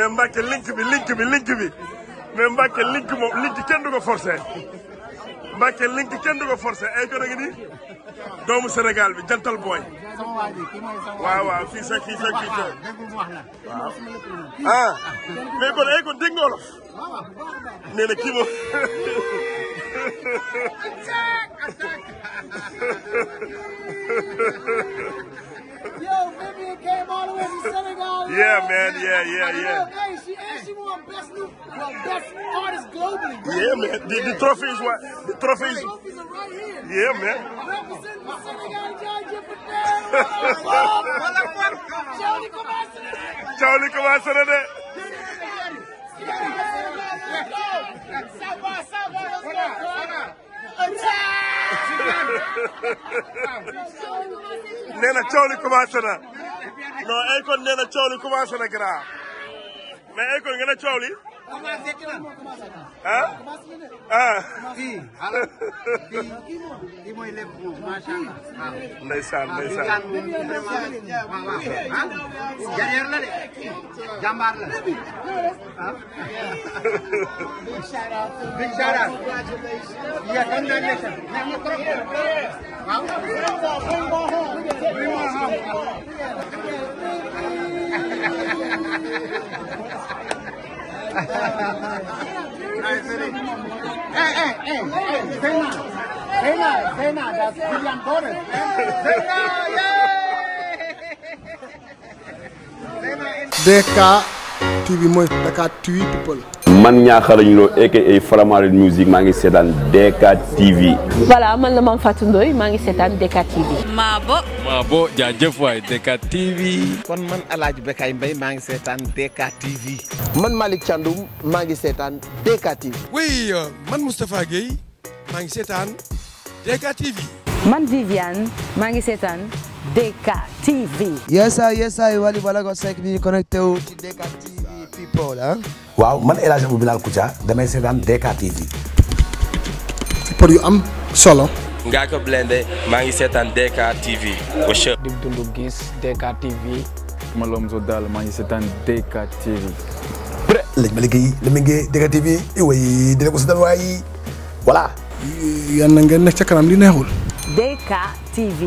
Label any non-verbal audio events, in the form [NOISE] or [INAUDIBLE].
mais Mbacke link bi link bi link bi mais Mbacke link kenn du ko forcé link kenn du ko forcé ay gone doomu Sénégal bi jantal booy. waaw waaw fii sax fii sax fii sax waaw. Ah. ah mais kon nee na kii [LAUGHS] Yo, Vivian came all the way from Senegal. Yeah, man. Yeah, yeah, yeah. yeah. Hey, she and she won best new, well, best artist globally. Bro. Yeah, man. The, the trophies were the trophies. The trophies are right here. Yeah, man. Representing the Senegal, Georgia, for now. Charlie, [LAUGHS] come out today. Charlie, come out today. nee na coow li commencé na non Akon nee na coow li commencé na grand mais Akon nga ne coow li ah ah. ndeysaan ndeysaan. jaajër la de jàmbaar la. big shout out. yaa kan naa nekk neex na trop. waaw. Hey, hey, hey, hey, Zena. Zena, Zena, that's William Boris. Zena, yay! DK TV mooy Dakar TV people. man Niakha lañu loo aka Faramaren music maa ngi seetaan DK TV. voilà man la Mame Fatou Ndoye maa ngi seetaan DK TV. Maabo. Maabo jaajëf waay DK TV. kon man alaaj Hadj Bekay Mbaye maa ngi seetaan DK TV. man Malick Thiandoum maa ngi seetaan DK TV. oui euh, man Moustapha Guèye maa ngi seetaan DK TV. man Viviane maa ngi seetaan. DK TV. yes sir yes sir Wally Ballago Seck mi ngi wu ci DK TV. people waaw man El Hadj Abou Bilal Koutia damay seetaan DKTV. pour yu am solo. ngaa ko blende maa ngi seetaan DKTV. di dundu gis DKTV. ma Lomzo Dall maa ngi seetaan DKTV. lañ ma liggéey li mu ngi DKTV iway dina ko seetaan waay voilà. yal na ngeen nekk ca kanam li neexul. DKTV.